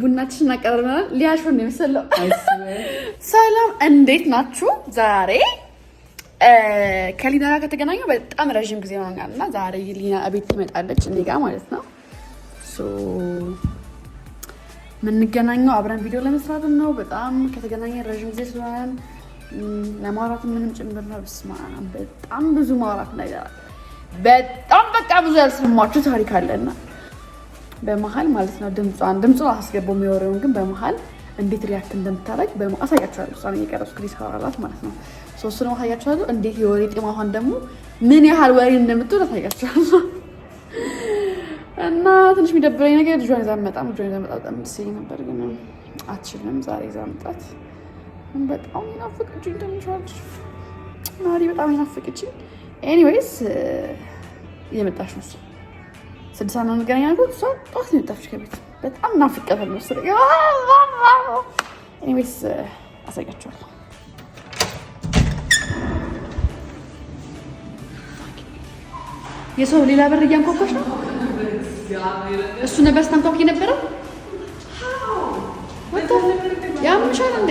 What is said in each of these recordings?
ቡናችን ሊያሾ ነው የመሰለው። ሰላም እንዴት ናችሁ? ዛሬ ከሊና ጋር በጣም ረዥም ጊዜ ሆኖኛል እና ዛሬ ሊና ትመጣለች እኔ ጋር ማለት ነው። የምንገናኘው አብረን ቪዲዮ ለመስራት ነው። በጣም ከተገናኘ ረዥም ጊዜ ስለሆነን ለማውራት ምንም ጭምር ነው። በጣም ብዙ ማውራት ነገር በጣም በቃ ብዙ ያልሰማችሁ ታሪክ አለና በመሀል ማለት ነው ድምጿን ድምጹ አስገባው የሚወረውን ግን በመሀል እንዴት ሪያክት እንደምታደርግ አሳያችኋለሁ። እሷን እየቀረጽኩ ሰራላት ማለት ነው። ሶስት ነው አሳያችኋለሁ። እንዴት የወሬ ጤማኋን ደግሞ ምን ያህል ወሬ እንደምትሆን አሳያችኋለሁ። እና ትንሽ የሚደብረኝ ነገር ልጇን ይዛ መጣም ልጇን ይዛ መጣ በጣም ደስ ነበር፣ ግን አትችልም ዛሬ ይዛ መጣት። በጣም ናፍቅችኝ እንደምችላለች ማሪ በጣም ናፍቅችኝ። ኤኒዌይስ የመጣሽ ነው ስድስት ነው እንገናኝ አልኩት። እሷ ጠዋት ነው ከቤት በጣም ናፍቄያታለሁ። ስ ኤኒዌይስ አሳያቸዋለሁ። የሰው ሌላ በር እያንኳኳች ነው። እሱ ነበር ስታንኳኳ የነበረው። ያምሻል እንዴ?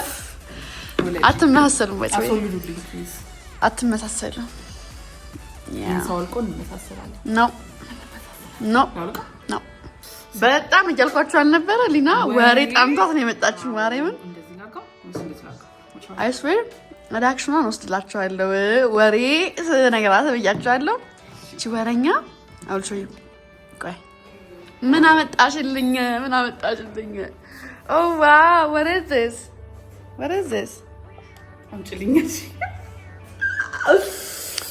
አትመሳሰሉም አትመሳሰሉም በጣም እያልኳችሁ አልነበረ? ሊና ወሬ ጣምቷት ነው የመጣችሁ። ማርያምን አይስዌር ሪያክሽኗን ወስድላችኋለሁ። ወሬ ነገራት ብያችኋለሁ። እቺ ወረኛ አልሾይ ቆይ ምን አመጣሽልኝ? ምን አመጣሽልኝ? ኦ ወሬ ወሬ አምጪልኛል።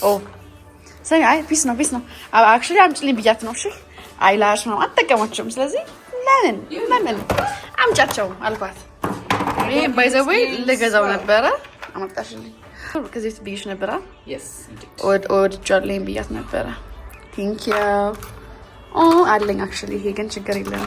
ኦ ሰሚ አይ ፒስ ነው ፒስ ነው። አክቹዋሊ አምጪልኝ ብያት ነው። እሺ አይላሽ ነው አትጠቀማቸውም። ስለዚህ ለምን ለምን አምጫቸው አልኳት። ይሄ ባይ ዘ ወይ ልገዛው ነበረ አመጣሽልኝ። ከዚህ በፊት ብዬሽ ነበረ። የስ ብያት ነበረ። ቴንክ ዩ አለኝ። አክቹዋሊ ይሄ ግን ችግር የለም።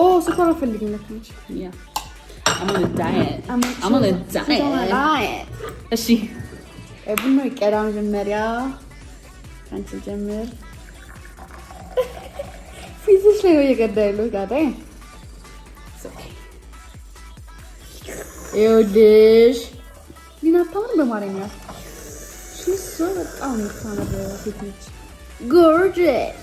Oh, ስኳር አልፈልግም ለካንቺ። ያ I'm on a diet. I'm on a diet. እሺ ቡና ይቀዳ መጀመሪያ አንቺ ጀምር። ፊትሽ ላይ ነው የቀዳ ያለው ጋር ይኸውልሽ ሊናታውን በማለኛ ሽሶ በጣም ታምር ሴት ጎርጀስ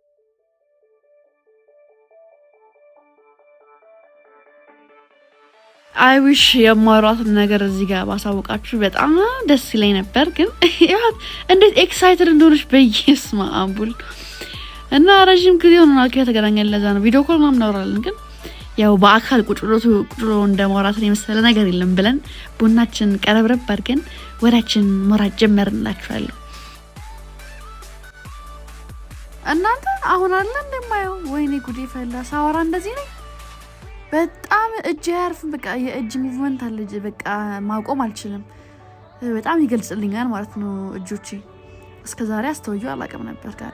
አይዊሽ የማሯትን ነገር እዚህ ጋር ባሳወቃችሁ በጣም ደስ ይለኝ ነበር፣ ግን እንዴት ኤክሳይትድ እንደሆነች በየስ ማአምቡል እና ረዥም ጊዜ ሆኖናል ከተገናኘን። ለዛ ነው ቪዲዮ ኮል ምናምን እናወራለን፣ ግን ያው በአካል ቁጭሎቱ ቁጭሎ እንደ ማውራትን የመሰለ ነገር የለም ብለን ቡናችን ቀረብረብ አድርገን ወዳችን ሞራት ጀመርንላችኋለሁ። እናንተ አሁን አለ እንደማየው ወይኔ ጉዴ ፈላ ሳወራ እንደዚህ ነኝ። በጣም እጅ አያርፍም። በቃ የእጅ ሙቭመንት አለ። በቃ ማቆም አልችልም። በጣም ይገልጽልኛል ማለት ነው እጆቼ። እስከ ዛሬ አስተውየ አላውቅም ነበር። ጋር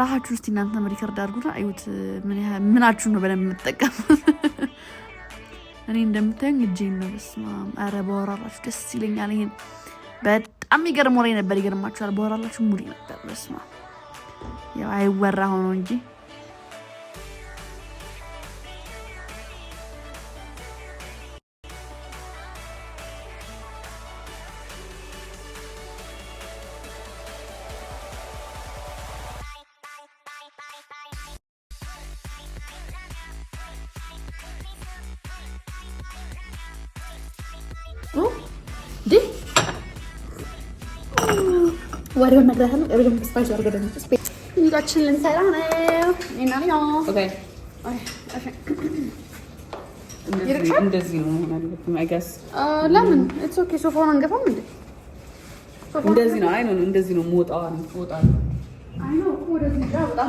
ራሳችሁን እስቲ እናንተ ሪከርድ አድርጉና አዩት፣ ምናችሁ ነው በደንብ የምጠቀም። እኔ እንደምታዩኝ እጄን ነው። በስመ አብ። ኧረ ባወራላችሁ ደስ ይለኛል። ይሄን በጣም ይገርም ወሬ ነበር። ይገርማችኋል። በወራላችሁ ሙሉ ነበር። በስመ አብ። ያው አይወራ ሆኖ እንጂ ወሬውን ነግረህን ሪም ስፓይስ ያርገደ ሚቃችን ልንሰራ ነው እና ነው እንደዚህ ነው ለምን ኢትስ ኦኬ። ሶፋውን አንገፋም እንዴ? እንደዚህ ነው። አይ ነው እንደዚህ ነው። ሞጣዋ ነው ሞጣ ነው። አይ ነው ወደዚህ ጋር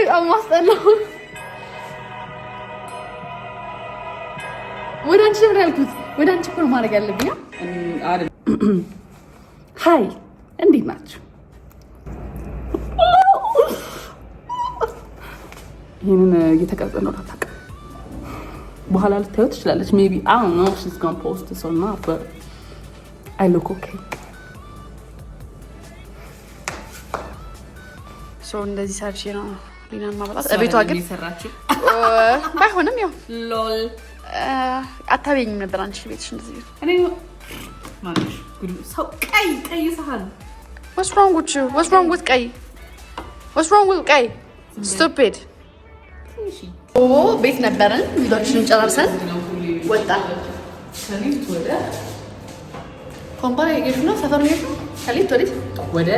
በጣም ማስጠላው ወደ አንቺ ነበር ያልኩት። ወደ አንቺ እኮ ነው ማድረግ ያለብኝ። ሀይ እንዴት ናችሁ? ይህንን እየተቀረጸ ነው ታውቃለህ። በኋላ ልታዩ ትችላለች። ሜይ ቢ ሺስ ጎን ፖስት ሰው እና አይ ሉክ ኦኬ ሶ እንደዚህ ሰርቼ ነው ሊናን ማመጣት ቤቷ ግን የሰራችው ባይሆንም ያው ሎል አታበኝም ነበር። አንቺ ቤትሽ እንደዚህ ስቱፒድ ቤት ነበረን። ቪዲዮችን ጨራርሰን ወጣ ኮምፓራ የጌሹ ነው ሰፈር ወደ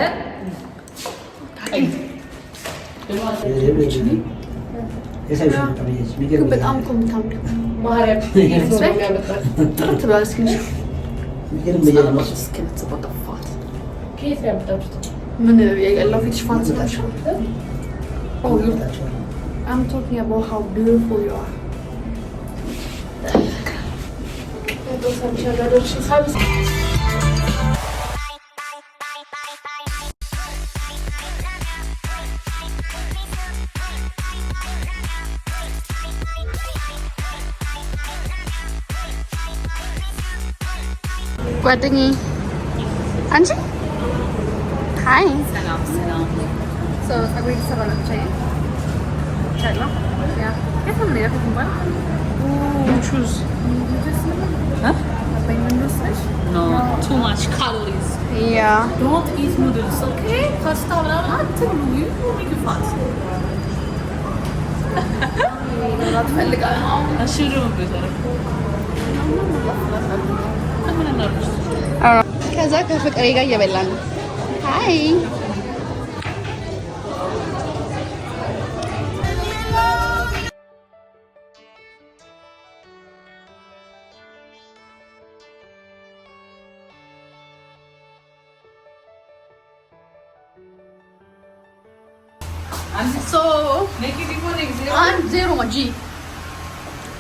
በጣም ምን የቀለው ፊትሽ ፋንስ ናቸው። I'm talking about how beautiful you are. Thank you. Quatingi. Angie. Hi. Salam, salam. So, agreed to salam chahiye. chain? Yeah. कैसा मेरा कुंबा? Ooh, choose. Huh? Noodles? No, no, too much calories. Yeah. Don't eat noodles, okay? Because I tell you, you will make you fat. i أتفلق أنا. أشيلهم بيتر. ከዛ ከፍቅሬ ጋር እየበላ ነው። አይ ዜሮ ጂ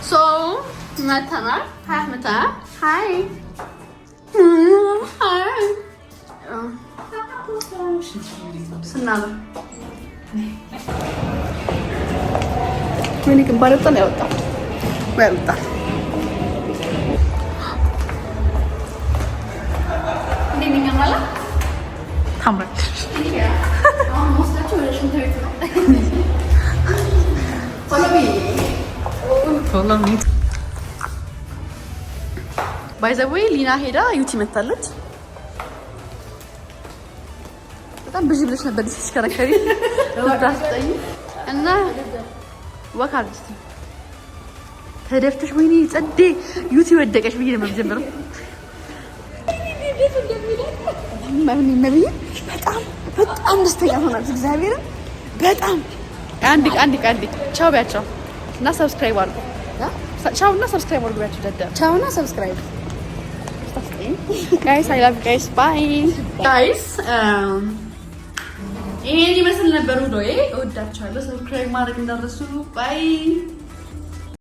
ሶ መተናል ሀይ 순나가 그러니까 말했다 내었다 외롭다 담을 Follow me. ባይዘዌይ ሊና ሄዳ ዩቲ መታለች። በጣም ብዙ ብለሽ ነበር ሲሽከረከሪ እና ወካ ተደፍተሽ ወይኔ ጸዴ ዩቲ ወደቀሽ ብዬ ነው የምጀምረው። በጣም በጣም ደስተኛ ሆናለች። እግዚአብሔር በጣም አንድ አንድ አንድ ቻው ቢያቸው እና ሰብስክራይብ አድርጉ። ቻው እና ሰብስክራይብ አድርጉ ቢያቸው ደደ ቻው እና ሰብስክራይብ ጋይስ አይ ላቭ ጋይስ ባይ ጋይስ። ይሄን ይመስል ነበር ውሎዬ። እወዳችኋለሁ። ሰብስክራይብ ማድረግ እንዳትረሱ። ባይ